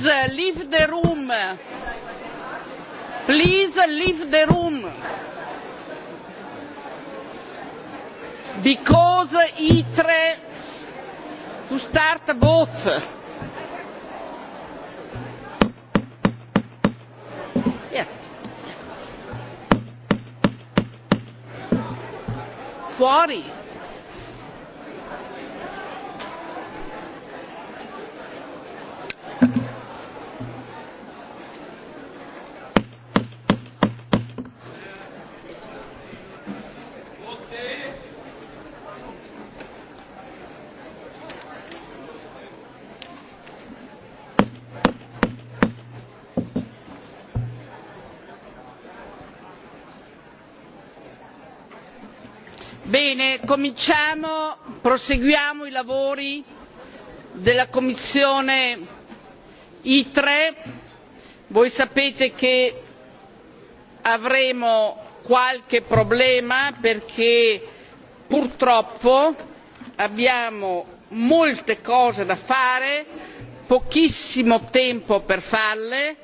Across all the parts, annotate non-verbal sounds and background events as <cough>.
Please uh, leave the room. Please uh, leave the room. Because uh, ITRE to start a Yeah. Fuori. Bene, cominciamo, proseguiamo i lavori della Commissione ITRE. Voi sapete che avremo qualche problema perché purtroppo abbiamo molte cose da fare, pochissimo tempo per farle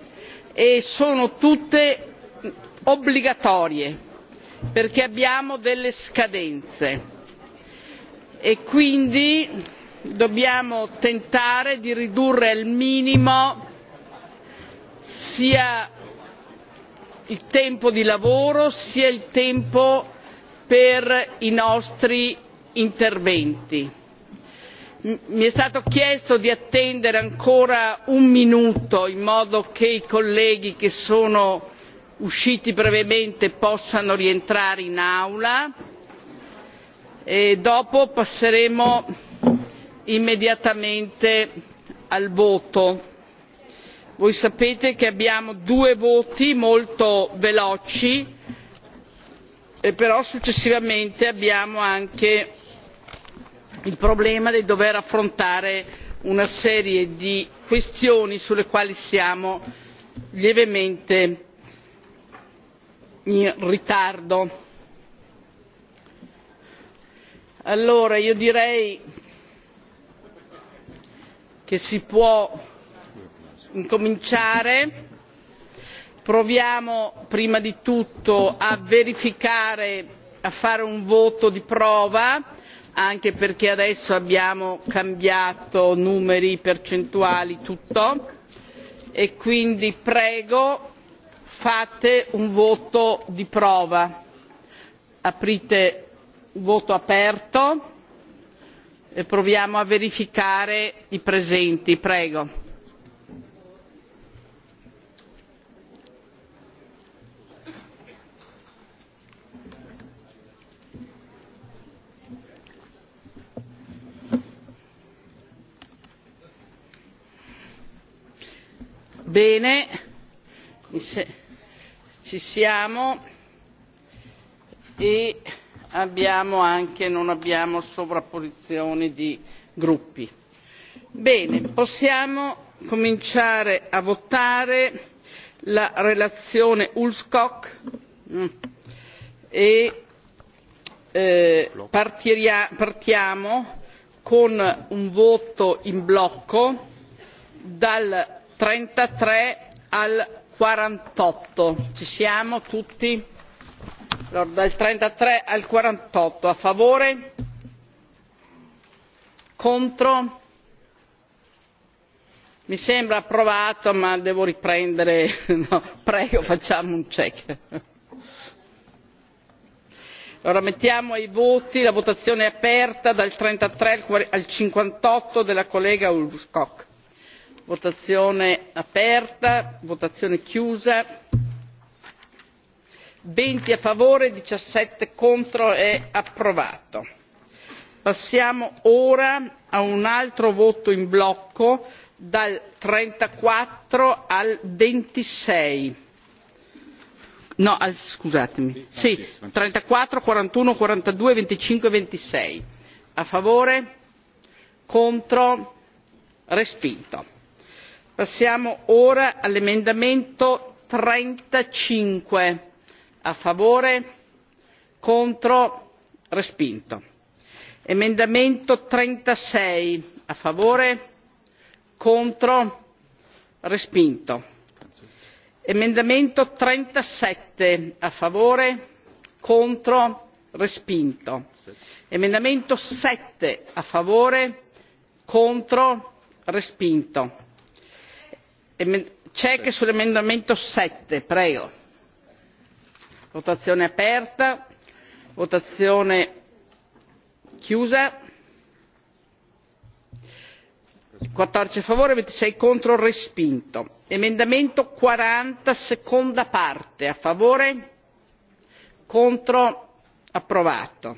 e sono tutte obbligatorie perché abbiamo delle scadenze e quindi dobbiamo tentare di ridurre al minimo sia il tempo di lavoro sia il tempo per i nostri interventi. Mi è stato chiesto di attendere ancora un minuto in modo che i colleghi che sono usciti brevemente possano rientrare in aula e dopo passeremo immediatamente al voto. Voi sapete che abbiamo due voti molto veloci e però successivamente abbiamo anche il problema di dover affrontare una serie di questioni sulle quali siamo lievemente in ritardo. Allora io direi che si può incominciare. Proviamo prima di tutto a verificare, a fare un voto di prova anche perché adesso abbiamo cambiato numeri, percentuali, tutto e quindi prego fate un voto di prova. Aprite voto aperto e proviamo a verificare i presenti. Prego. Bene ci siamo e abbiamo anche, non abbiamo sovrapposizioni di gruppi. Bene, possiamo cominciare a votare la relazione Ulskog mm, e eh, partiamo con un voto in blocco dal 33 al quarantotto ci siamo tutti allora, dal trentatré al quarantotto a favore contro mi sembra approvato ma devo riprendere <laughs> no, prego facciamo un check allora mettiamo ai voti la votazione è aperta dal trentatré al cinquantotto della collega ulvskog votazione aperta votazione chiusa venti a favore diciassette contro è approvato passiamo ora a un altro voto in blocco dal trentaquattro al ventisei no al, scusatemi sì trentaquattro quarantuno quarantadue venticinque ventisei a favore contro respinto Passiamo ora all'emendamento 35. A favore? Contro? Respinto. Emendamento 36. A favore? Contro? Respinto. Emendamento 37. A favore? Contro? Respinto. Emendamento 7. A favore? Contro? Respinto Check sull'emendamento 7, prego. Votazione aperta, votazione chiusa. 14 a favore, 26 contro, respinto. Emendamento 40, seconda parte, a favore, contro, approvato.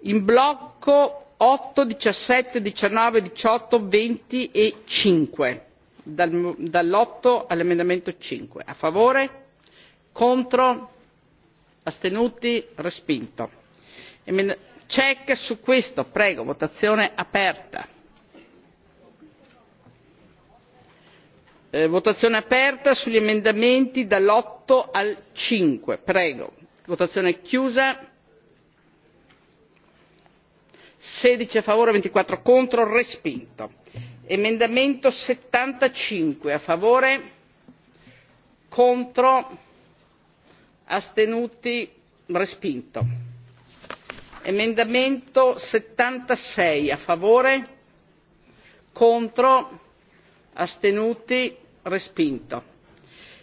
In blocco 8, 17, 19, 18, 20 e 5 dall'otto all'emendamento cinque a favore contro astenuti respinto check su questo prego votazione aperta eh, votazione aperta sugli emendamenti dall'otto al cinque prego votazione chiusa sedici a favore ventiquattro contro respinto emendamento settantacinque a favore contro astenuti respinto emendamento settantasei a favore contro astenuti respinto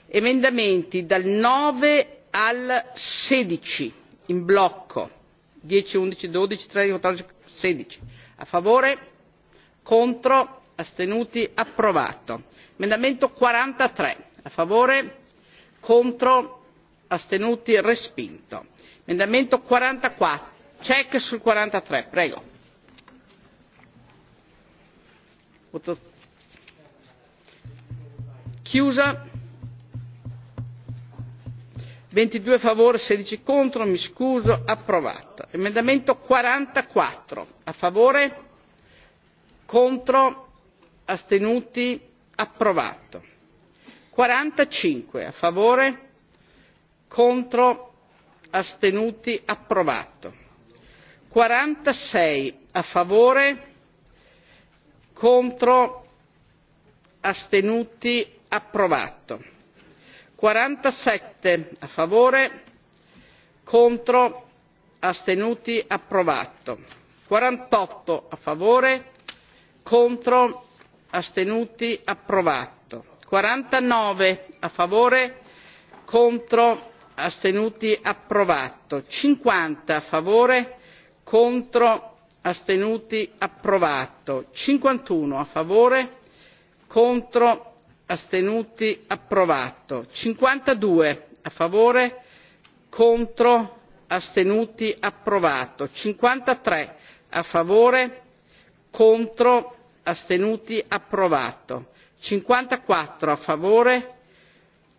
emendamenti dal nove al sedici in blocco dieci undici dodici tredici quattordici sedici a favore contro astenuti approvato emendamento quarantatré a favore contro astenuti respinto emendamento 44, check sul 43, prego Voto. chiusa ventidue a favore sedici contro mi scuso approvato emendamento quarantaquattro a favore contro astenuti approvato quarantacinque a favore contro astenuti approvato quarantasei a favore contro astenuti approvato quarantasette a favore contro astenuti approvato quarantotto a favore contro astenuti approvato quarantanove a favore contro astenuti approvato cinquanta a favore contro astenuti approvato cinquantuno a favore contro astenuti approvato cinquantadue a favore contro astenuti approvato cinquantatré a favore contro astenuti approvato cinquantaquattro a favore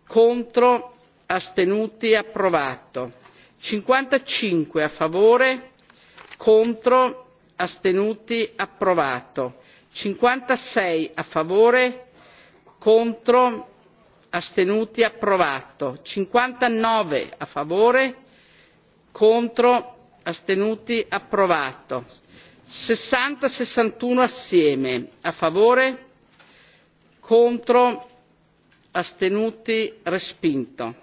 contro astenuti approvato cinquantacinque a favore contro astenuti approvato cinquantasei a favore contro astenuti approvato cinquantanove a favore contro astenuti approvato 60 61 assieme a favore contro astenuti respinto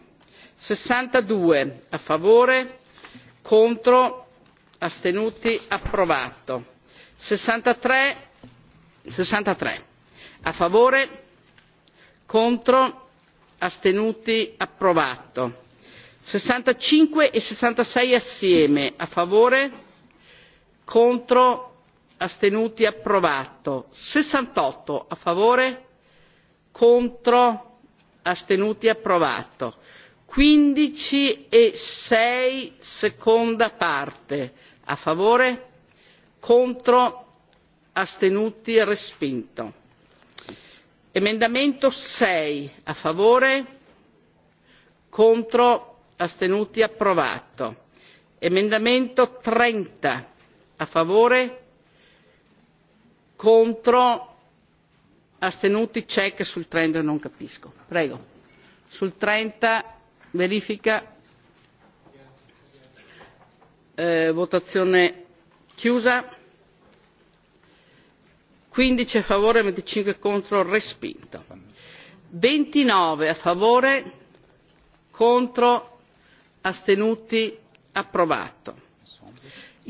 62 a favore contro astenuti approvato 63 63 a favore contro astenuti approvato 65 e 66 assieme a favore contro astenuti approvato sessantotto a favore contro astenuti approvato quindici e sei seconda parte a favore contro astenuti respinto emendamento sei a favore contro astenuti approvato emendamento trenta a favore contro astenuti check sul 30 non capisco prego sul 30 verifica eh, votazione chiusa 15 a favore 25 contro respinto 29 a favore contro astenuti approvato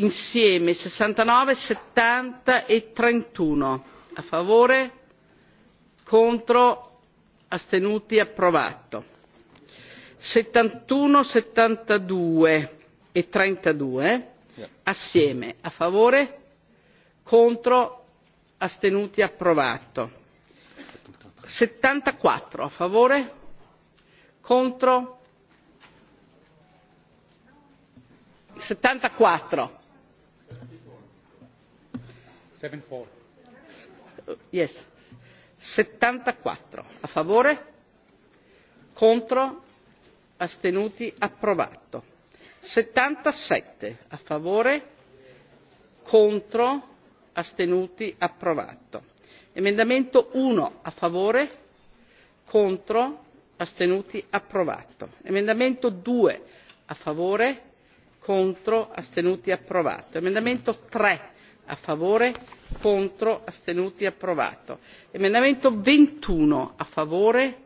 insieme sessantanove settanta e trentuno a favore contro astenuti approvato settantuno settantadue e trentadue assieme a favore contro astenuti approvato settantaquattro a favore contro settantaquattro Yes. 74 a favore contro astenuti approvato 77 a favore contro astenuti approvato emendamento 1 a favore contro astenuti approvato emendamento 2 a favore contro astenuti approvato emendamento 3 a favore contro astenuti approvato emendamento ventiuno a favore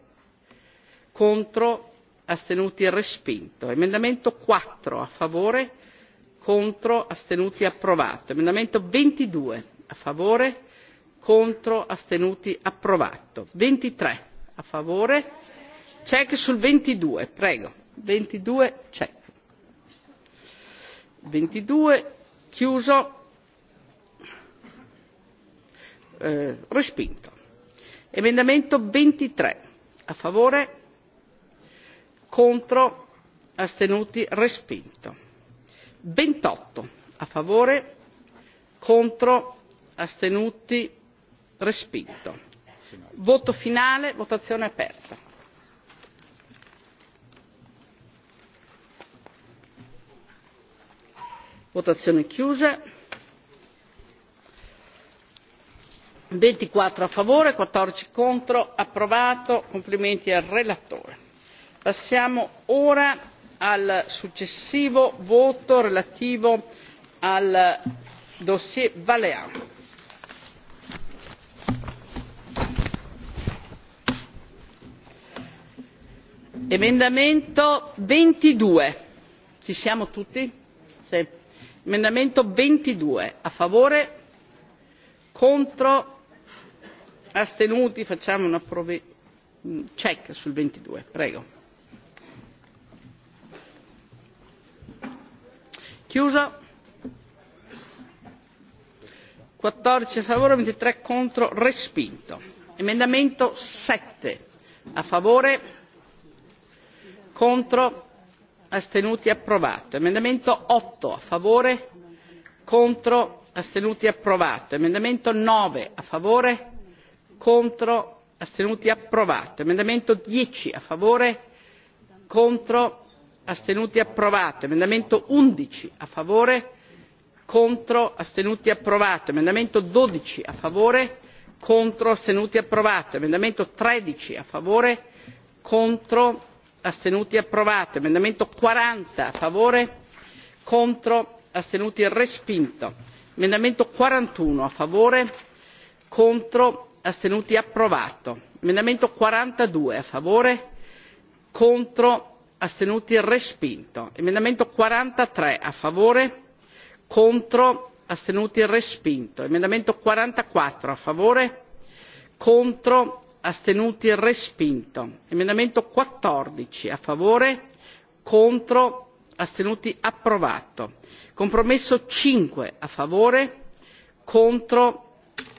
contro astenuti respinto emendamento quattro a favore contro astenuti approvato emendamento ventidue a favore contro astenuti approvato ventitré a favore check sul ventidue prego ventidue check ventidue chiuso Eh, respinto. Emendamento 23 a favore, contro, astenuti, respinto. 28 a favore, contro, astenuti, respinto. Voto finale, votazione aperta. Votazione chiusa. ventiquattro a favore quattordici contro approvato complimenti al relatore. passiamo ora al successivo voto relativo al dossier Valean. Emendamento ventidue. Ci siamo tutti? Sì. Emendamento ventidue. A favore? Contro? astenuti facciamo una prove... check sul 22 prego chiuso 14 a favore 23 contro respinto emendamento 7 a favore contro astenuti approvato emendamento 8 a favore contro astenuti approvato emendamento 9 a favore contro, astenuti, approvato. Emendamento 10 a favore, contro, astenuti, approvato. Emendamento 11 a favore, contro, astenuti, approvato. Emendamento 12 a favore, contro, astenuti, approvato. Emendamento 13 a favore, contro, astenuti, approvato. Emendamento 40 a favore, contro, astenuti, respinto. Emendamento 41 a favore, contro, astenuti approvato emendamento quarantadue a favore contro astenuti respinto emendamento quarantatré a favore contro astenuti respinto emendamento quarantaquattro a favore contro astenuti respinto emendamento quattordici a favore contro astenuti approvato compromesso cinque a favore contro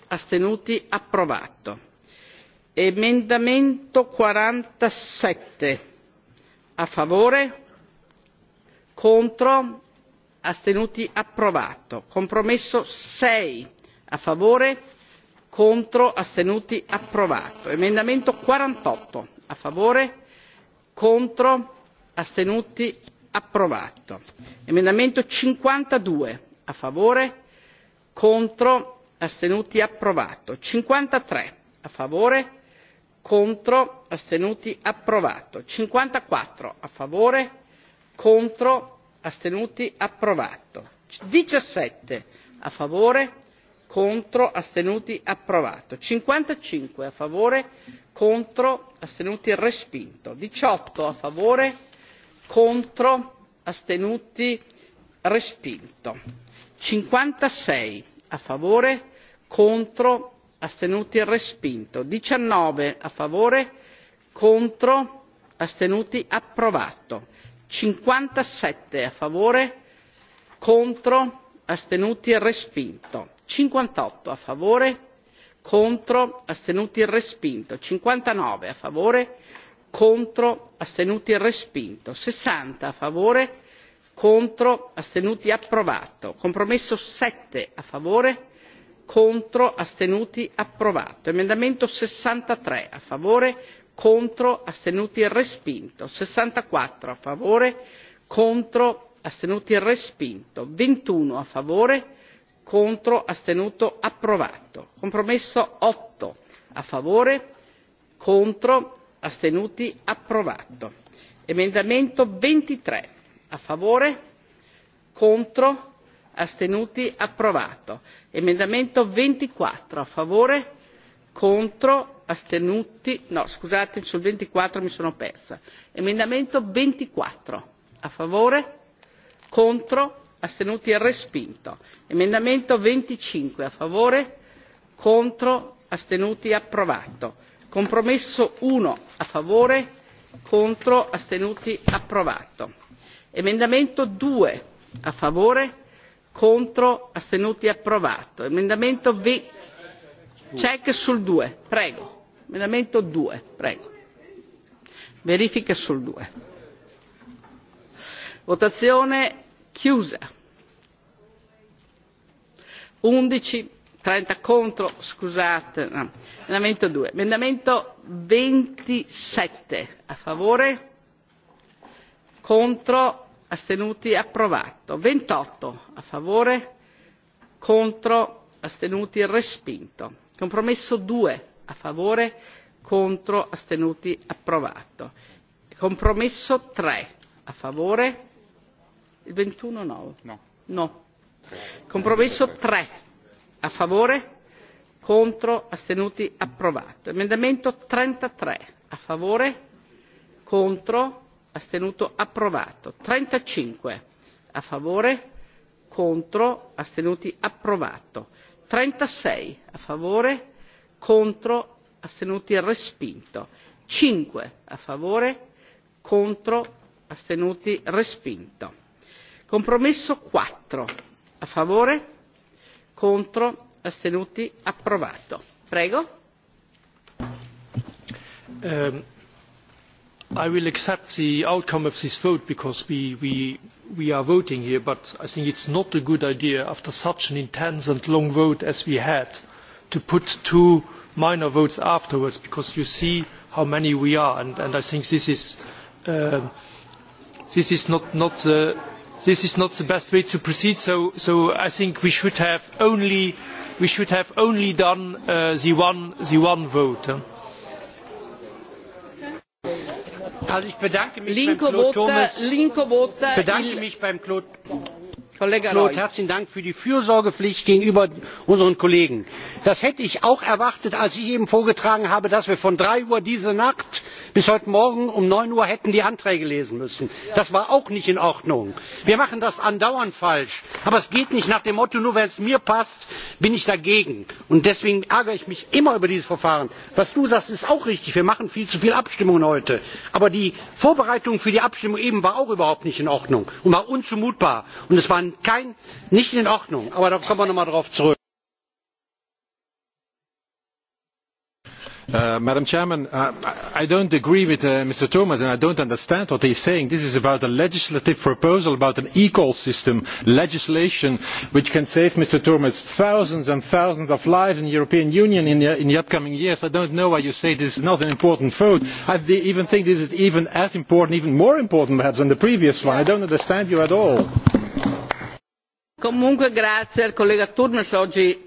astenuti approvato emendamento quarantasette a favore contro astenuti approvato compromesso sei a favore contro astenuti approvato emendamento quarantotto a favore contro astenuti approvato emendamento cinquantadue a favore contro astenuti approvato cinquantatré a favore contro astenuti approvato cinquantaquattro a favore contro astenuti approvato diciassette a favore contro astenuti approvato cinquantacinque a favore contro astenuti respinto diciotto a favore contro astenuti respinto cinquantasei a favore contro astenuti e respinto diciannove a favore contro astenuti approvato cinquantasette a favore contro astenuti e respinto cinquantotto a favore contro astenuti e respinto cinquantanove a favore contro astenuti e respinto sessanta a favore contro astenuti approvato compromesso sette a favore contro astenuti approvato emendamento sessantatré a favore contro astenuti respinto sessantaquattro a favore contro astenuti respinto ventiuno a favore contro astenuto approvato compromesso otto a favore contro astenuti approvato emendamento ventitré a favore contro astenuti approvato emendamento ventiquattro a favore contro astenuti no scusate sul ventiquattro mi sono persa emendamento ventiquattro a favore contro astenuti respinto emendamento venticinque a favore contro astenuti approvato compromesso uno a favore contro astenuti approvato emendamento due a favore contro astenuti approvato emendamento v check sul due prego emendamento due prego verifica sul due votazione chiusa undici trenta contro scusate no. emendamento due emendamento ventisette a favore contro astenuti approvato ventotto a favore contro astenuti respinto compromesso due a favore contro astenuti approvato compromesso tre a favore il ventiuno no no, no. compromesso tre a favore contro astenuti approvato emendamento trentatré a favore contro astenuto approvato trentacinque a favore contro astenuti approvato trentasei a favore contro astenuti respinto cinque a favore contro astenuti respinto compromesso quattro a favore contro astenuti approvato prego ehm, I will accept the outcome of this vote because we, we, we are voting here, but I think it's not a good idea after such an intense and long vote as we had to put two minor votes afterwards because you see how many we are and, and I think this is, uh, this, is not, not the, this is not the best way to proceed so, so I think we should have only, we should have only done uh, the, one, the one vote. Huh? Also ich bedanke mich Linko beim Claude Turmes. Linko vota bedanke mich beim Claude, Kollege Claude, herzlichen Dank für die Fürsorgepflicht gegenüber unseren Kollegen. Das hätte ich auch erwartet, als ich eben vorgetragen habe, dass wir von drei Uhr diese Nacht bis heute morgen um neun uhr hätten die anträge lesen müssen. das war auch nicht in ordnung. wir machen das andauernd falsch aber es geht nicht nach dem motto nur weil es mir passt bin ich dagegen. und deswegen ärgere ich mich immer über dieses verfahren. was du sagst ist auch richtig wir machen viel zu viele abstimmungen heute. aber die vorbereitung für die abstimmung eben war auch überhaupt nicht in ordnung und war unzumutbar und es war kein, nicht in ordnung. aber da kommen wir noch mal darauf zurück. Uh, Madam Chairman, uh, I don't agree with uh, Mr. Thomas and I don't understand what he's saying. This is about a legislative proposal about an e-call system, legislation which can save Mr. Thomas thousands and thousands of lives in the European Union in the, in the upcoming years. I don't know why you say this is not an important vote. I even think this is even as important, even more important perhaps than the previous one. I don't understand you at all. Comunque grazie al collega Turmes oggi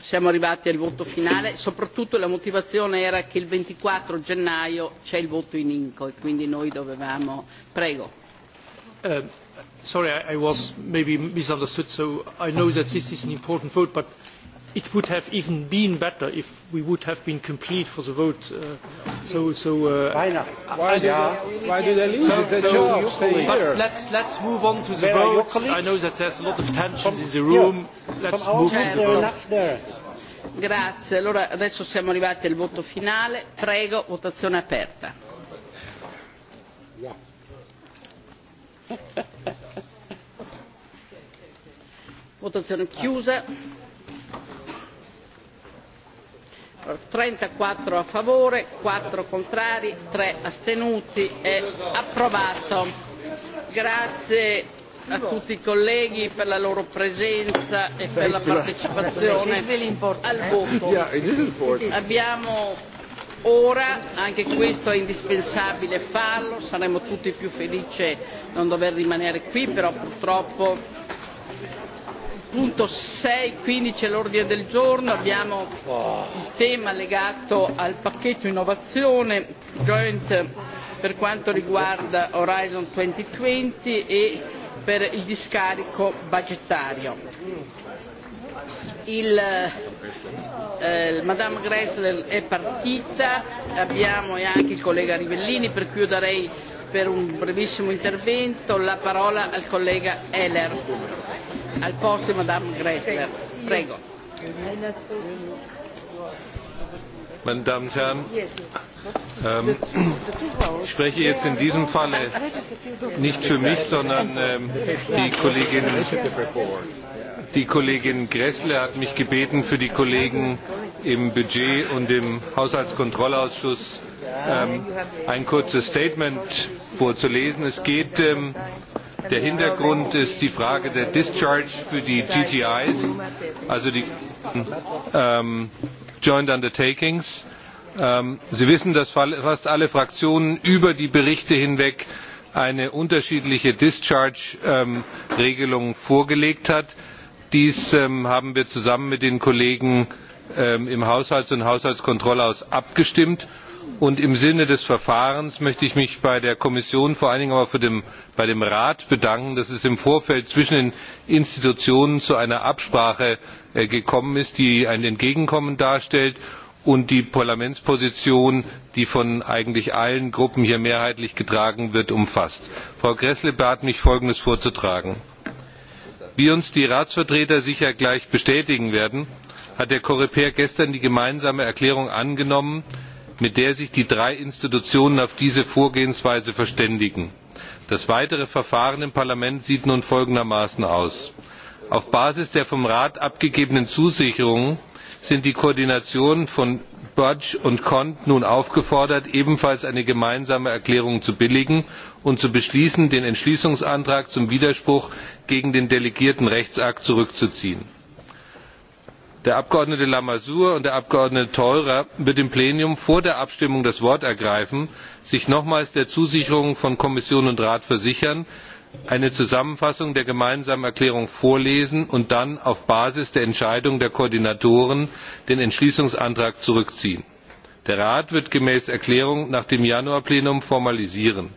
siamo arrivati al voto finale, soprattutto la motivazione era che il 24 gennaio c'è il voto in INCO e quindi noi dovevamo... Prego. Uh, sorry, I was maybe misunderstood, so I know that this is an important vote, but it would have even been better if we would have been complete for the vote. Uh, so, so, uh, why not? Why, I, yeah. why do they leave? So, the so, job, but let's let's move on to the Where vote. I know that there's a lot of tension in the room. Yeah. Let's from move to the vote. Grazie, allora adesso siamo arrivati al voto finale. Prego, votazione aperta. Votazione chiusa. 34 a favore, 4 contrari, 3 astenuti. È approvato. Grazie a tutti i colleghi per la loro presenza e per la partecipazione al voto. Abbiamo ora, anche questo è indispensabile farlo, saremo tutti più felici non dover rimanere qui, però purtroppo punto c'è l'ordine del giorno, abbiamo il tema legato al pacchetto innovazione joint per quanto riguarda Horizon 2020 e per il discarico budgetario. Il, eh, Madame Gressler è partita, abbiamo e anche il collega Rivellini per cui io darei per un brevissimo intervento la parola al collega Heller, al posto Madame Gressler. Prego. Meine Damen und Herren, ähm, ich spreche jetzt in diesem Falle nicht für mich, sondern ähm, die Kolleginnen Die Kollegin Gressle hat mich gebeten, für die Kollegen im Budget und im Haushaltskontrollausschuss ähm, ein kurzes Statement vorzulesen. Es geht, ähm, der Hintergrund ist die Frage der Discharge für die GTIs, also die ähm, Joint Undertakings. Ähm, Sie wissen, dass fast alle Fraktionen über die Berichte hinweg eine unterschiedliche Discharge-Regelung ähm, vorgelegt hat. Dies ähm, haben wir zusammen mit den Kollegen ähm, im Haushalts- und Haushaltskontrollhaus abgestimmt. Und im Sinne des Verfahrens möchte ich mich bei der Kommission, vor allen Dingen aber dem, bei dem Rat bedanken, dass es im Vorfeld zwischen den Institutionen zu einer Absprache äh, gekommen ist, die ein Entgegenkommen darstellt und die Parlamentsposition, die von eigentlich allen Gruppen hier mehrheitlich getragen wird, umfasst. Frau Gressle bat mich, Folgendes vorzutragen wie uns die ratsvertreter sicher gleich bestätigen werden hat der coreper gestern die gemeinsame erklärung angenommen mit der sich die drei institutionen auf diese vorgehensweise verständigen. das weitere verfahren im parlament sieht nun folgendermaßen aus auf basis der vom rat abgegebenen zusicherungen sind die koordination von budge und cont nun aufgefordert ebenfalls eine gemeinsame erklärung zu billigen und zu beschließen den entschließungsantrag zum widerspruch gegen den delegierten rechtsakt zurückzuziehen. der abgeordnete lamassoure und der abgeordnete theurer wird im plenum vor der abstimmung das wort ergreifen sich nochmals der zusicherung von kommission und rat versichern eine Zusammenfassung der gemeinsamen Erklärung vorlesen und dann auf Basis der Entscheidung der Koordinatoren den Entschließungsantrag zurückziehen. Der Rat wird gemäß Erklärung nach dem Januarplenum formalisieren.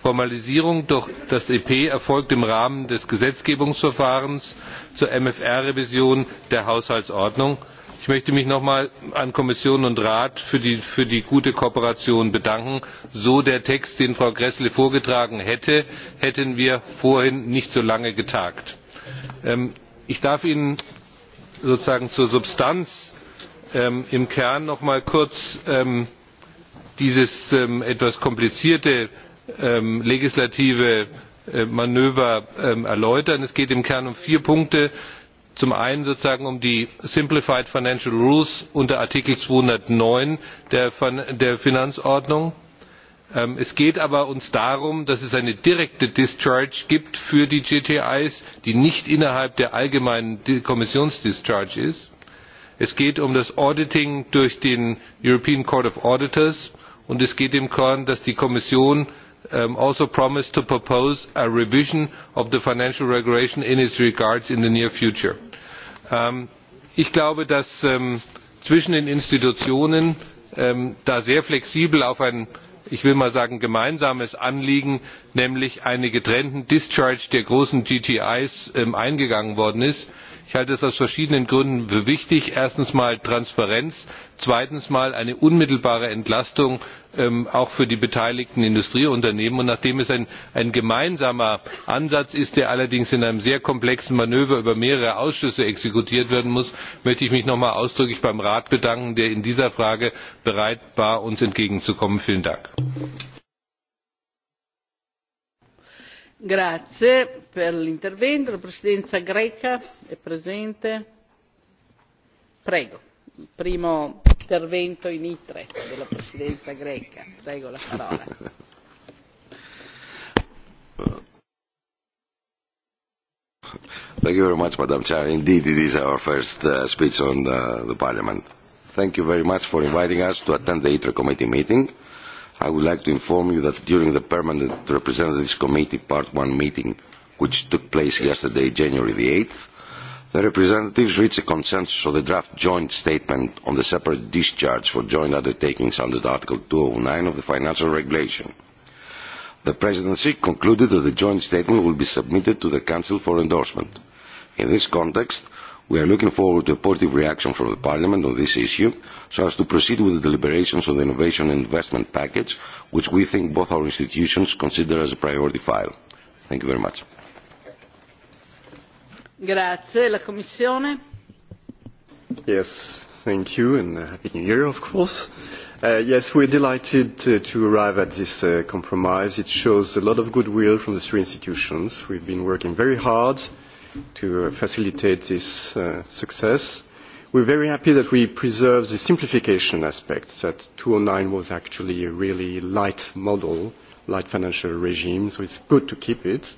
Formalisierung durch das EP erfolgt im Rahmen des Gesetzgebungsverfahrens zur MFR-Revision der Haushaltsordnung. Ich möchte mich einmal an Kommission und Rat für die, für die gute Kooperation bedanken. So der Text, den Frau Gressle vorgetragen hätte, hätten wir vorhin nicht so lange getagt. Ähm, ich darf Ihnen sozusagen zur Substanz ähm, im Kern noch einmal kurz ähm, dieses ähm, etwas komplizierte ähm, legislative äh, Manöver ähm, erläutern. Es geht im Kern um vier Punkte zum einen sozusagen um die Simplified Financial Rules unter Artikel zweihundertneun der, der Finanzordnung. Ähm, es geht aber uns darum, dass es eine direkte Discharge gibt für die GTIs, die nicht innerhalb der allgemeinen Kommissionsdischarge ist. Es geht um das Auditing durch den European Court of Auditors und es geht im Kern, dass die Kommission um, also promised to propose a revision of the financial regulation in its regards in the near future. Um, ich glaube, dass um, zwischen den Institutionen um, da sehr flexibel auf ein, ich will mal sagen, gemeinsames Anliegen, nämlich eine getrennten Discharge der großen GTIs ähm, eingegangen worden ist. Ich halte es aus verschiedenen Gründen für wichtig. Erstens mal Transparenz, zweitens mal eine unmittelbare Entlastung ähm, auch für die beteiligten Industrieunternehmen. Und nachdem es ein, ein gemeinsamer Ansatz ist, der allerdings in einem sehr komplexen Manöver über mehrere Ausschüsse exekutiert werden muss, möchte ich mich noch einmal ausdrücklich beim Rat bedanken, der in dieser Frage bereit war, uns entgegenzukommen. Vielen Dank. Grazie per l'intervento. La presidenza greca è presente. Prego. Primo intervento in itre della presidenza greca. Prego la parola. Thank you very much, Madam Chair. Indeed, it is our first uh, speech on the, the Parliament. Thank you very much for inviting us to attend the ITRE committee meeting. I would like to inform you that during the Permanent Representatives Committee Part 1 meeting, which took place yesterday, January the 8th, The representatives reached a consensus on the draft joint statement on the separate discharge for joint undertakings under Article 209 of the Financial Regulation. The Presidency concluded that the joint statement will be submitted to the Council for endorsement. In this context, we are looking forward to a positive reaction from the Parliament on this issue so as to proceed with the deliberations on the Innovation and Investment Package, which we think both our institutions consider as a priority file. Thank you very much. Grazie, la Commissione. Yes, thank you and uh, Happy New Year, of course. Uh, yes, we're delighted to, to arrive at this uh, compromise. It shows a lot of goodwill from the three institutions. We've been working very hard to uh, facilitate this uh, success. We're very happy that we preserve the simplification aspect, that 209 was actually a really light model, light financial regime, so it's good to keep it.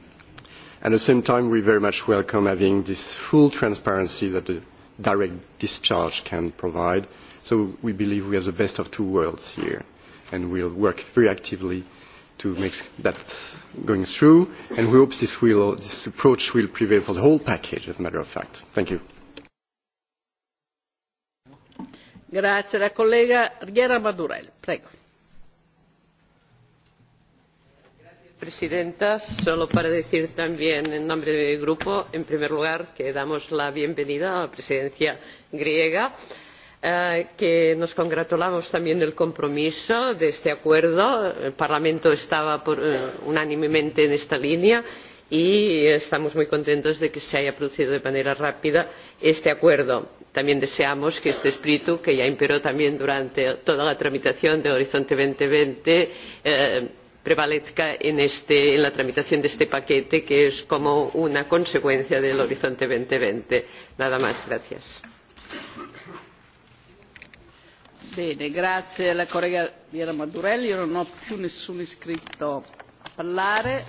At the same time, we very much welcome having this full transparency that the direct discharge can provide. So we believe we have the best of two worlds here, and we'll work very actively to make that going through, and we hope this, will, this approach will prevail for the whole package, as a matter of fact. Thank you. Grazie, la collega Riera Madurel. prego. presidenta solo para decir también en nombre de mi grupo en primer lugar que damos la bienvenida a la presidencia griega eh, que nos congratulamos también del compromiso de este acuerdo el parlamento estaba por, eh, unánimemente en esta línea y estamos muy contentos de que se haya producido de manera rápida este acuerdo. También deseamos que este espíritu, que ya imperó también durante toda la tramitación de Horizonte dos mil veinte eh, prevalezca en, este, en la tramitación de este paquete, que es como una consecuencia del Horizonte 2020. Nada más, gracias. Bene, grazie alla collega Viera Madurelli. Io non ho più nessuno iscritto a parlare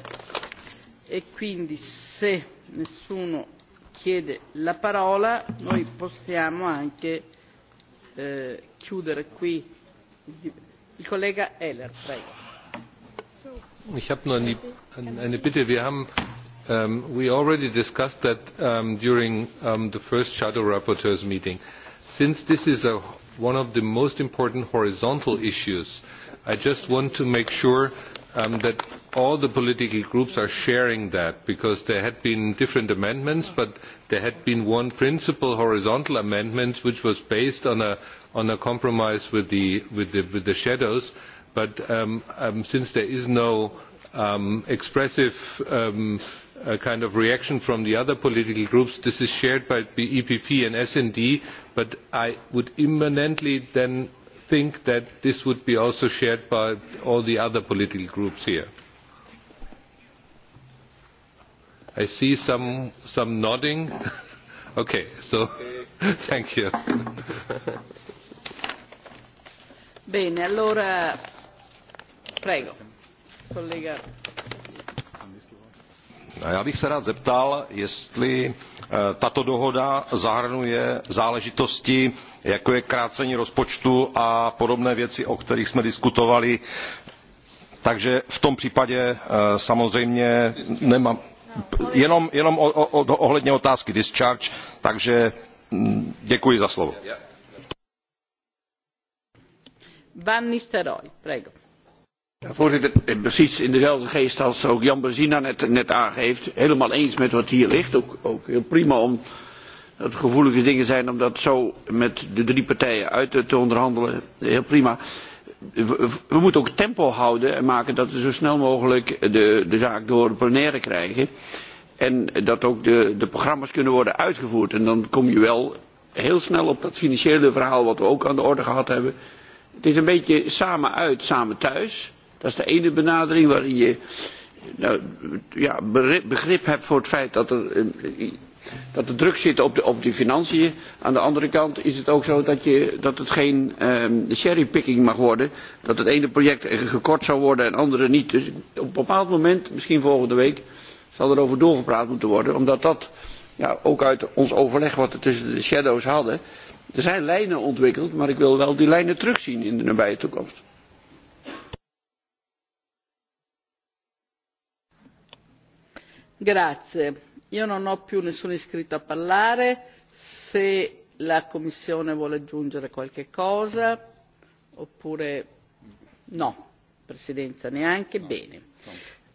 e quindi se nessuno chiede la parola noi possiamo anche eh, chiudere qui il collega Heller. Prego. Ich habe nur eine, Bitte. Wir haben, um, we already discussed that um, during um, the first Shadow Rapporteurs meeting. Since this is a, one of the most important horizontal issues, I just want to make sure um, that all the political groups are sharing that because there had been different amendments but there had been one principal horizontal amendment which was based on a, on a compromise with the, with the, with the shadows but um, um, since there is no um, expressive um, uh, kind of reaction from the other political groups, this is shared by the EPP and SND, but I would imminently then think that this would be also shared by all the other political groups here. I see some, some nodding. <laughs> okay, so <laughs> thank you. Bene, allora Prego. Kollega. Já bych se rád zeptal, jestli eh, tato dohoda zahrnuje záležitosti, jako je krácení rozpočtu a podobné věci, o kterých jsme diskutovali. Takže v tom případě eh, samozřejmě nemám jenom, jenom o, o, ohledně otázky discharge, takže hm, děkuji za slovo. Van Nistelrooy, prego. Ja, voorzitter, eh, precies in dezelfde geest als ook Jan Bersina net, net aangeeft. Helemaal eens met wat hier ligt. Ook, ook heel prima om dat gevoelige dingen zijn om dat zo met de drie partijen uit te onderhandelen. Heel prima. We, we moeten ook tempo houden en maken dat we zo snel mogelijk de, de zaak door de plenaire krijgen. En dat ook de, de programma's kunnen worden uitgevoerd. En dan kom je wel heel snel op dat financiële verhaal wat we ook aan de orde gehad hebben. Het is een beetje samen uit, samen thuis. Dat is de ene benadering waarin je nou, ja, begrip hebt voor het feit dat er, dat er druk zit op, de, op die financiën. Aan de andere kant is het ook zo dat, je, dat het geen um, cherrypicking mag worden. Dat het ene project gekort zou worden en andere niet. Dus op een bepaald moment, misschien volgende week, zal er over doorgepraat moeten worden. Omdat dat ja, ook uit ons overleg wat we tussen de shadows hadden. Er zijn lijnen ontwikkeld, maar ik wil wel die lijnen terugzien in de nabije toekomst. Grazie. Io non ho più nessuno iscritto a parlare. Se la Commissione vuole aggiungere qualche cosa, oppure no, Presidenza neanche, bene.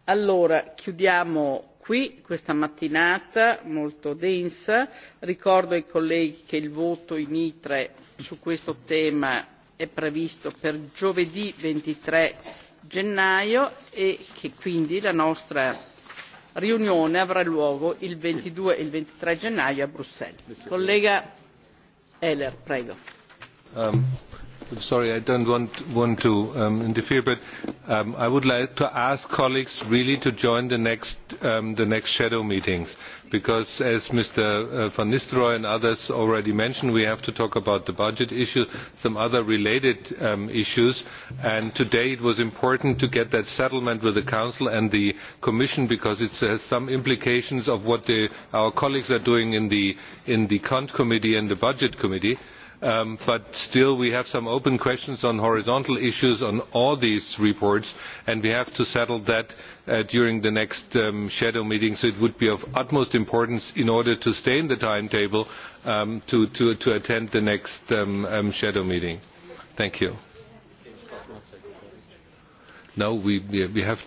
Allora, chiudiamo qui questa mattinata molto densa. Ricordo ai colleghi che il voto in ITRE su questo tema è previsto per giovedì 23 gennaio e che quindi la nostra riunione avrà luogo il 22 e il 23 gennaio a Bruxelles. Collega Eller, prego. Um, sorry, I don't want, want to um, interfere, but um, I would like to ask colleagues really to join the next, um, the next shadow meetings, because as Mr. Uh, Van Nistelrooy and others already mentioned, we have to talk about the budget issue, some other related um, issues, and today it was important to get that settlement with the Council and the Commission, because it has some implications of what the, our colleagues are doing in the, in the Cont Committee and the Budget Committee. Um, but still we have some open questions on horizontal issues on all these reports and we have to settle that uh, during the next um, shadow meeting so it would be of utmost importance in order to stay in the timetable um, to, to, to attend the next um, um, shadow meeting. Thank you. No, we, we have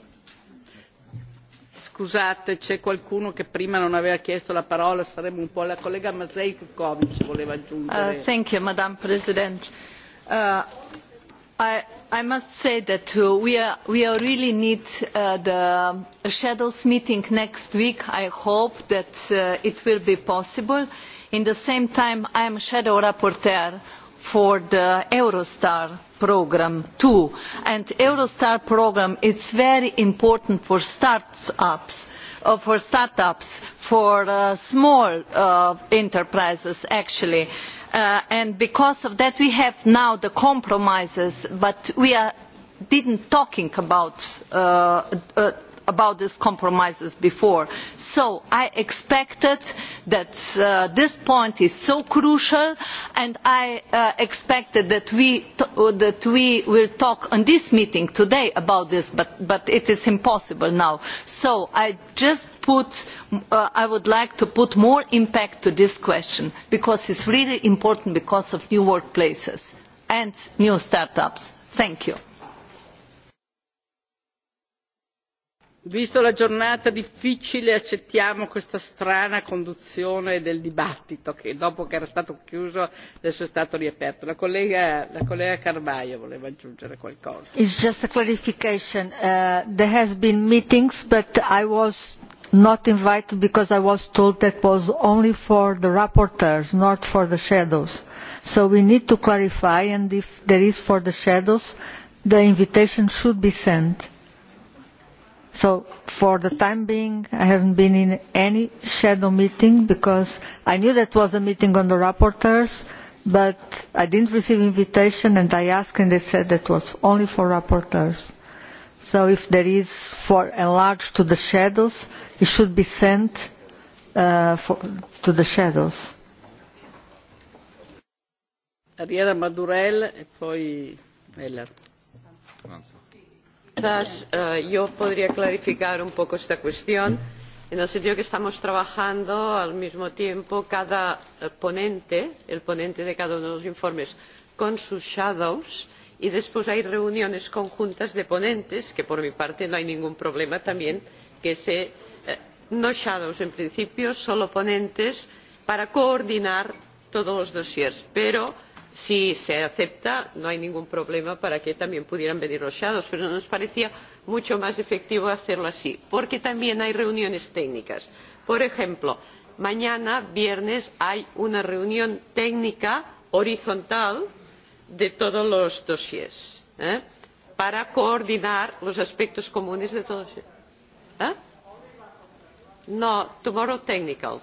Scusate, c'è qualcuno che prima non aveva chiesto la parola, saremo un po' la collega Mazzei Kukovic voleva aggiungere. Uh, thank you, Madam President. Uh, I, I must say that uh, we, are, we are really need uh, the shadows meeting next week. I hope that uh, it will be possible. In the same time, I am shadow rapporteur for the Eurostar program too. And Eurostar program is very important for start-ups uh, for startups, for uh, small uh, enterprises actually. Uh, and because of that we have now the compromises, but we are, didn't talking about uh, uh, about these compromises before. So I expected that uh, this point is so crucial and I uh, expected that we, that we will talk on this meeting today about this, but, but it is impossible now. So I just put, uh, I would like to put more impact to this question because it's really important because of new workplaces and new startups. Thank you. Visto la giornata difficile accettiamo questa strana conduzione del dibattito che dopo che era stato chiuso adesso è stato riaperto. La collega, la collega Carvaio voleva aggiungere qualcosa. It's just a clarification. Uh, there has been meetings but I was not invited because I was told that was only for the rapporteurs, not for the shadows. So we need to clarify and if there is for the shadows, the invitation should be sent. So for the time being, I haven't been in any shadow meeting because I knew that was a meeting on the rapporteurs, but I didn't receive invitation and I asked and they said that was only for rapporteurs. So if there is for enlarged to the shadows, it should be sent uh, for, to the shadows. Ariela Madurel e poi Eller. Grazie. Gracias. Uh, eh, yo podría clarificar un poco esta cuestión en el sentido que estamos trabajando al mismo tiempo cada eh, ponente, el ponente de cada uno de los informes, con sus shadows y después hay reuniones conjuntas de ponentes, que por mi parte no hay ningún problema también que se, eh, no shadows en principio, solo ponentes para coordinar todos los dossiers. Pero si se acepta no hay ningún problema para que también pudieran venir los shadows pero nos parecía mucho más efectivo hacerlo así porque también hay reuniones técnicas por ejemplo mañana viernes hay una reunión técnica horizontal de todos los dossiers ¿eh? para coordinar los aspectos comunes de todos ¿eh? no tomorrow technical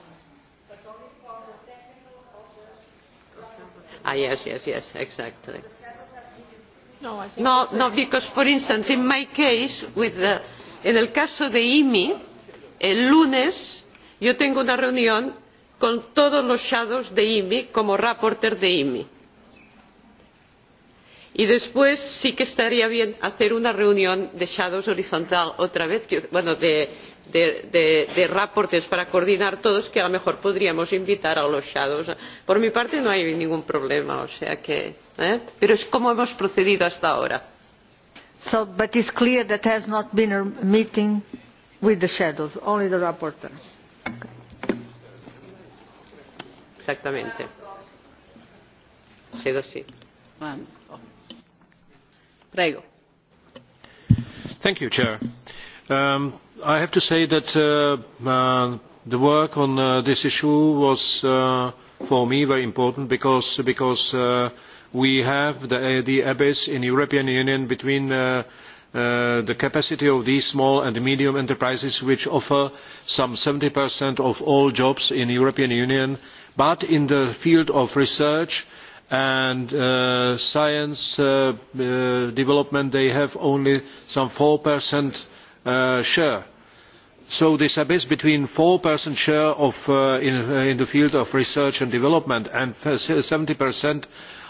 Ah, yes, yes, yes, exactly. No, no, uh, no, because, for instance, in my case, with the, uh, en el caso de IMI, el lunes yo tengo una reunión con todos los shadows de IMI como rapporteur de IMI. Y después sí que estaría bien hacer una reunión de shadows horizontal otra vez, que, bueno, de, de, de, de reportes para coordinar todos que a lo mejor podríamos invitar a los shadows. Por mi parte no hay ningún problema, o sea que... ¿eh? Pero es como hemos procedido hasta ahora. So, but it's clear that has not been a meeting with the shadows, only the rapporteurs. Okay. Exactamente. Cedo sí. Prego. Thank you, Chair. Um, I have to say that uh, uh, the work on uh, this issue was uh, for me very important because, because uh, we have the, uh, the abyss in the European Union between uh, uh, the capacity of these small and medium enterprises which offer some 70% of all jobs in the European Union but in the field of research and uh, science uh, uh, development they have only some 4% Uh, share. So this abyss between 4% share of, uh, in, uh, in the field of research and development and 70%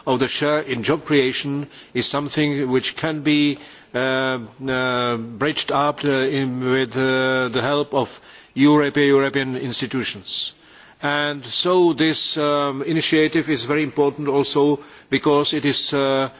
of the share in job creation is something which can be uh, uh, bridged up uh, in, with uh, the help of Europe, European institutions. And so this um, initiative is very important also because it is uh,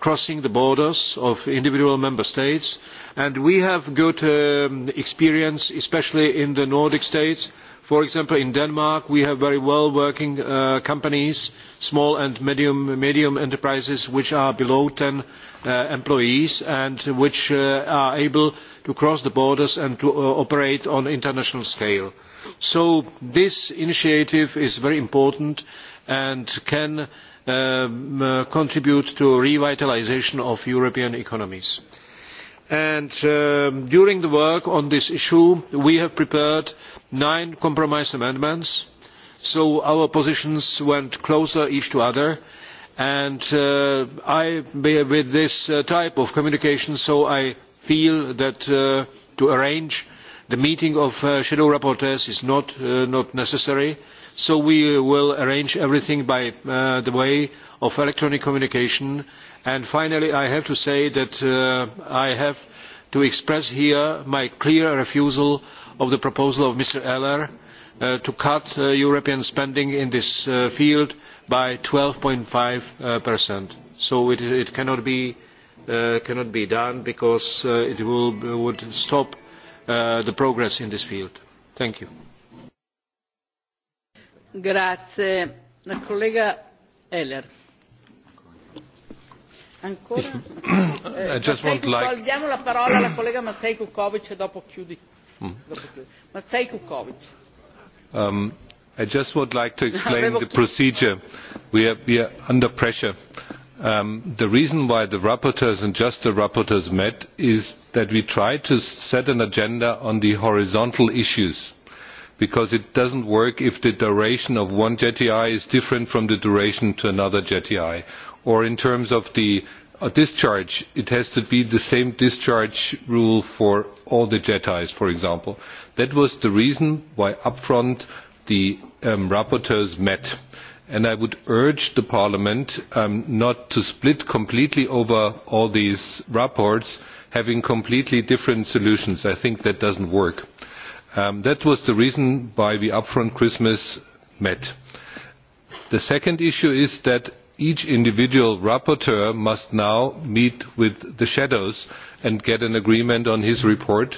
crossing the borders of individual member states. And we have good um, experience, especially in the Nordic states. For example, in Denmark, we have very well working uh, companies, small and medium, medium enterprises, which are below 10 uh, employees and which uh, are able to cross the borders and to uh, operate on international scale. So this initiative is very important and can Um, uh, contribute to revitalisation of European economies. And, um, during the work on this issue, we have prepared nine compromise amendments, so our positions went closer each to other, and uh, I, with this uh, type of communication, so I feel that uh, to arrange the meeting of uh, shadow rapporteurs is not, uh, not necessary. So we will arrange everything by uh, the way of electronic communication. And finally, I have to say that uh, I have to express here my clear refusal of the proposal of Mr. Eller uh, to cut uh, European spending in this uh, field by 12.5%. Uh, so it, it cannot, be, uh, cannot be done because uh, it will, would stop uh, the progress in this field. Thank you. Grazie. La collega Eller. Ancora? Eh, like... Diamo la parola alla collega Kukovic e dopo chiudi. Mm. Kukovic. Um, I just would like to <laughs> explain the procedure. We are, we are under pressure. Um, the reason why the rapporteurs and just the rapporteurs met is that we try to set an agenda on the horizontal issues because it doesn't work if the duration of one JTI is different from the duration to another JTI. Or in terms of the uh, discharge, it has to be the same discharge rule for all the JTIs, for example. That was the reason why upfront the um, rapporteurs met. And I would urge the Parliament um, not to split completely over all these rapports, having completely different solutions. I think that doesn't work. Um, that was the reason why we upfront Christmas met. The second issue is that each individual rapporteur must now meet with the shadows and get an agreement on his report,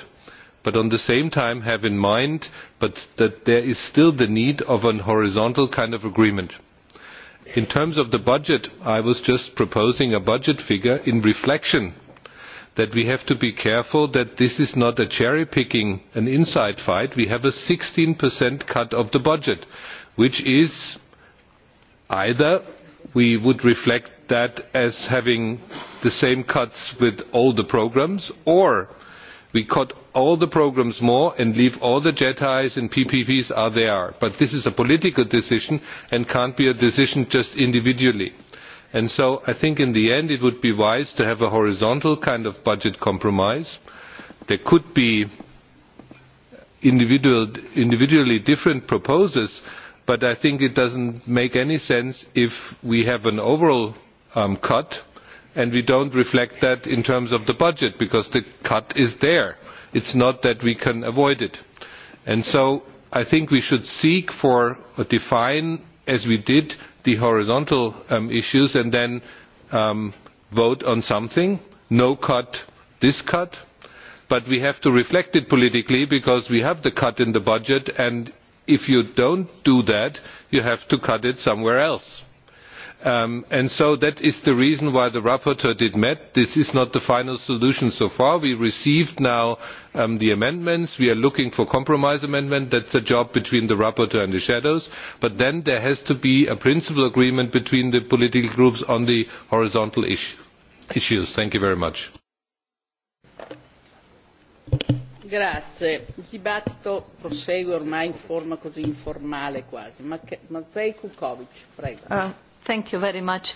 but on the same time have in mind that there is still the need of an horizontal kind of agreement. In terms of the budget, I was just proposing a budget figure in reflection that we have to be careful that this is not a cherry picking an inside fight. We have a 16% cut of the budget, which is either we would reflect that as having the same cuts with all the programs, or we cut all the programs more and leave all the highs and PPPs as they are. But this is a political decision and can't be a decision just individually. And so I think in the end it would be wise to have a horizontal kind of budget compromise. There could be individual, individually different proposals, but I think it doesn't make any sense if we have an overall um, cut and we don't reflect that in terms of the budget because the cut is there. It's not that we can avoid it. And so I think we should seek for or define, as we did, the horizontal um, issues and then um, vote on something, no cut, this cut. But we have to reflect it politically because we have the cut in the budget and if you don't do that, you have to cut it somewhere else. Um, and so that is the reason why the rapporteur did met. This is not the final solution so far. We received now um, the amendments. We are looking for compromise amendment. That's a job between the rapporteur and the shadows. But then there has to be a principal agreement between the political groups on the horizontal issue, issues. Thank you very much. Grazie. Il dibattito prosegue ormai in forma così informale quasi. Ma, Kukovic, prego. Ah. Thank you very much.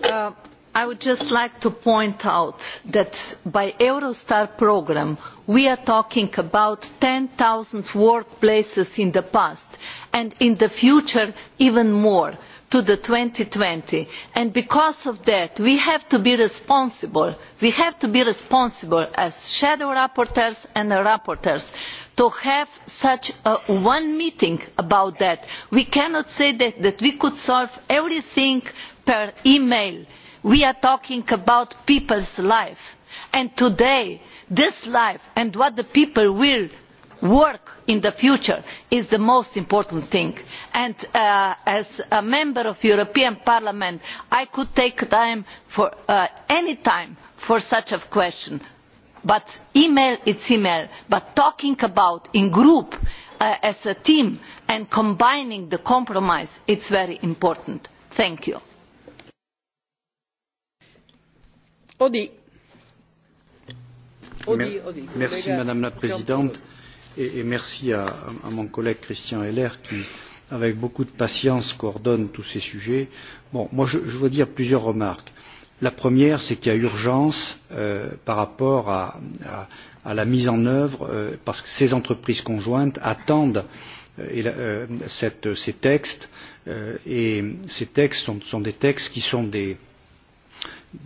Uh, I would just like to point out that by Eurostar program, we are talking about 10,000 workplaces in the past and in the future even more to the 2020. And because of that, we have to be responsible. We have to be responsible as shadow rapporteurs and the rapporteurs to have such a one meeting about that. We cannot say that, that we could solve everything per email. We are talking about people's life. And today, this life and what the people will work in the future is the most important thing. And uh, as a member of the European Parliament, I could take time for uh, any time for such a question but email is email but talking about in group uh, as a team and combining the compromise it's very important thank you Odi. Audi, Audi. Merci Madame la Présidente et, et merci à, à mon collègue Christian Heller qui, avec beaucoup de patience, coordonne tous ces sujets. Bon, moi je, je veux dire plusieurs remarques. Euh, La première, c'est qu'il y a urgence euh, par rapport à, à, à la mise en œuvre, euh, parce que ces entreprises conjointes attendent euh, et, euh, cette, ces textes, euh, et ces textes sont, sont des textes qui sont des,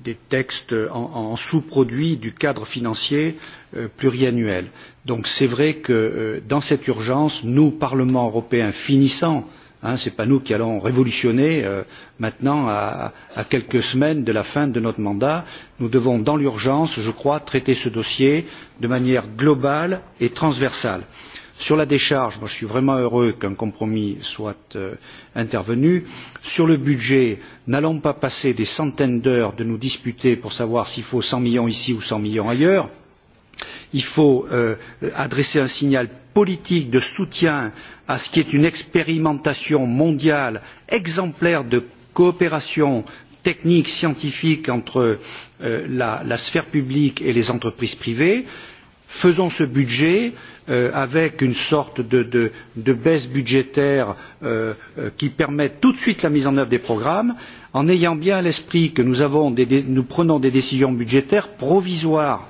des textes en, en sous-produit du cadre financier euh, pluriannuel. Donc c'est vrai que euh, dans cette urgence, nous, Parlement européen, finissant euh, Hein, Ce n'est pas nous qui allons révolutionner euh, maintenant à, à quelques semaines de la fin de notre mandat. Nous devons, dans l'urgence, je crois, traiter ce dossier de manière globale et transversale. Sur la décharge, moi, je suis vraiment heureux qu'un compromis soit euh, intervenu. Sur le budget, n'allons pas passer des centaines d'heures de nous disputer pour savoir s'il faut 100 millions ici ou 100 millions ailleurs. Il faut euh, adresser un signal politique de soutien à ce qui est une expérimentation mondiale exemplaire de coopération technique scientifique entre euh, la, la sphère publique et les entreprises privées. Faisons ce budget euh, avec une sorte de, de, de baisse budgétaire euh, euh, qui permette tout de suite la mise en œuvre des programmes, en ayant bien à l'esprit que nous, avons des, nous prenons des décisions budgétaires provisoires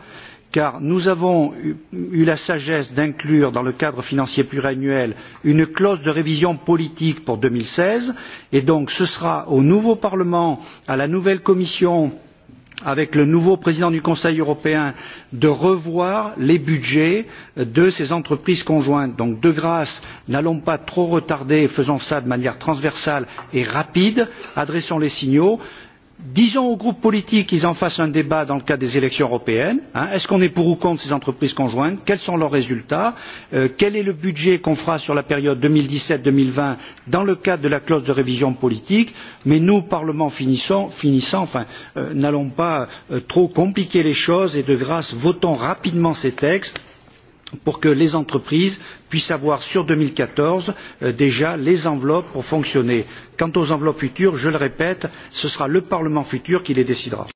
car nous avons eu la sagesse d'inclure dans le cadre financier pluriannuel une clause de révision politique pour deux mille seize et donc ce sera au nouveau parlement à la nouvelle commission avec le nouveau président du Conseil européen de revoir les budgets de ces entreprises conjointes. Donc, de grâce, n'allons pas trop retarder, faisons cela de manière transversale et rapide, adressons les signaux. Disons aux groupes politiques qu'ils en fassent un débat dans le cadre des élections européennes. Est-ce qu'on est pour ou contre ces entreprises conjointes Quels sont leurs résultats euh, Quel est le budget qu'on fera sur la période deux mille dix sept deux mille vingt dans le cadre de la clause de révision politique Mais nous, Parlement finissant, enfin, euh, n'allons pas euh, trop compliquer les choses et de grâce, votons rapidement ces textes pour que les entreprises puissent avoir sur deux mille quatorze euh, déjà les enveloppes pour fonctionner. Quant aux enveloppes futures, je le répète, ce sera le Parlement futur qui les décidera.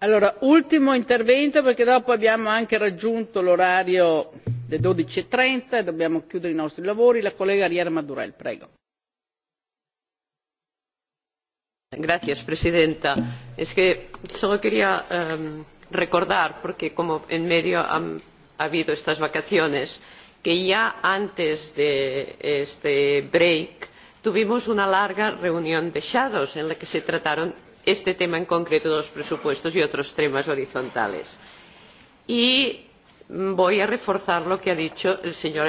Allora, ultimo intervento perché dopo abbiamo anche raggiunto l'orario delle dodici e trenta e dobbiamo chiudere i nostri lavori. La collega Riera Madurel, prego. Grazie Presidenta. Es que solo quería um, recordar, porque como en medio han ha habido estas vacaciones, que ya antes de este break tuvimos una larga reunión de shadows en la que se trataron este tema en concreto de los presupuestos y otros temas horizontales. Y voy a reforzar lo que ha dicho el señor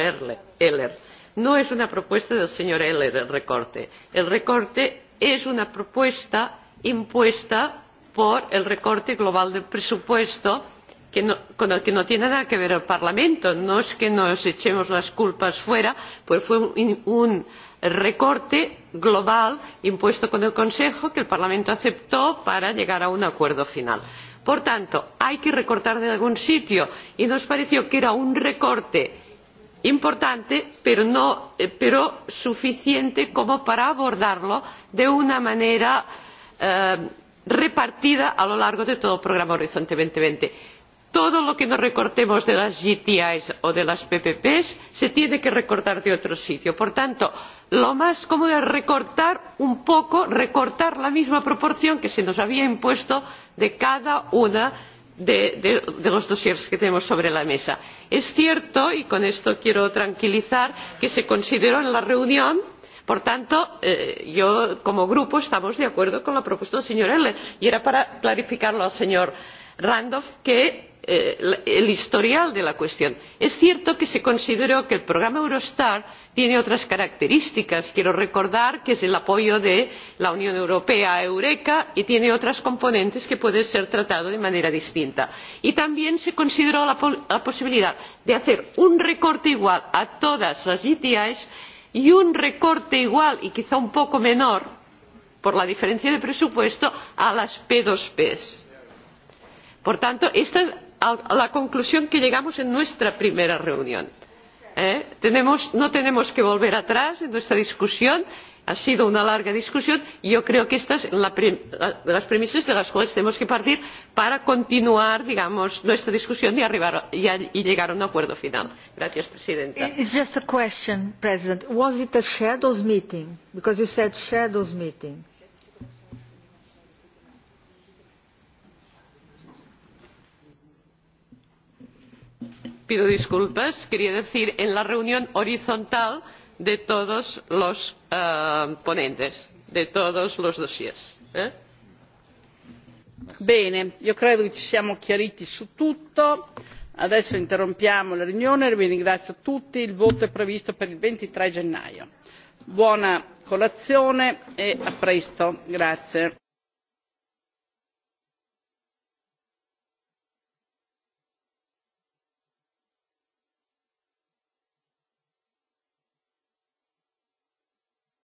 Heller. No es una propuesta del señor Heller el recorte. El recorte es una propuesta impuesta por el recorte global del presupuesto que no, con el que no tiene nada que ver el Parlamento. No es que nos echemos las culpas fuera, pues fue un, un recorte global impuesto con el Consejo que el Parlamento aceptó para llegar a un acuerdo final. Por tanto, hay que recortar de algún sitio y nos pareció que era un recorte importante, pero, no, eh, pero suficiente como para abordarlo de una manera eh, repartida a lo largo de todo el programa Horizonte dos mil veinte. Todo lo que nos recortemos de las GTIs o de las PPP se tiene que recortar de otro sitio. Por tanto, lo más cómodo es recortar un poco, recortar la misma proporción que se nos había impuesto de cada una de, de, de los dosieres que tenemos sobre la mesa. Es cierto, y con esto quiero tranquilizar, que se consideró en la reunión Por tanto, eh, yo como grupo estamos de acuerdo con la propuesta del señor Heller y era para clarificarlo al señor Randolph que eh, el historial de la cuestión. Es cierto que se consideró que el programa Eurostar tiene otras características. Quiero recordar que es el apoyo de la Unión Europea a Eureka y tiene otras componentes que pueden ser tratadas de manera distinta. Y también se consideró la, la posibilidad de hacer un recorte igual a todas las GTIs y un recorte igual y quizá un poco menor por la diferencia de presupuesto a las p dos p Por tanto, esta es la conclusión que llegamos en nuestra primera reunión. ¿Eh? Tenemos, no tenemos que volver atrás en nuestra discusión ha sido una larga discusión y yo creo que esta es la prim la, las premisas de las cuales tenemos que partir para continuar digamos nuestra discusión y, arribar, y, y llegar a un acuerdo final. Gracias, Presidenta. It's just a question, President. Was it a shadows meeting? Because you said shadows meeting. Pido disculpas. Quería decir, en la reunión horizontal de todos los uh, ponentes, de todos los dossiers. Eh? Bene, io credo che ci siamo chiariti su tutto. Adesso interrompiamo la riunione, vi ringrazio tutti, il voto è previsto per il 23 gennaio. Buona colazione e a presto. Grazie.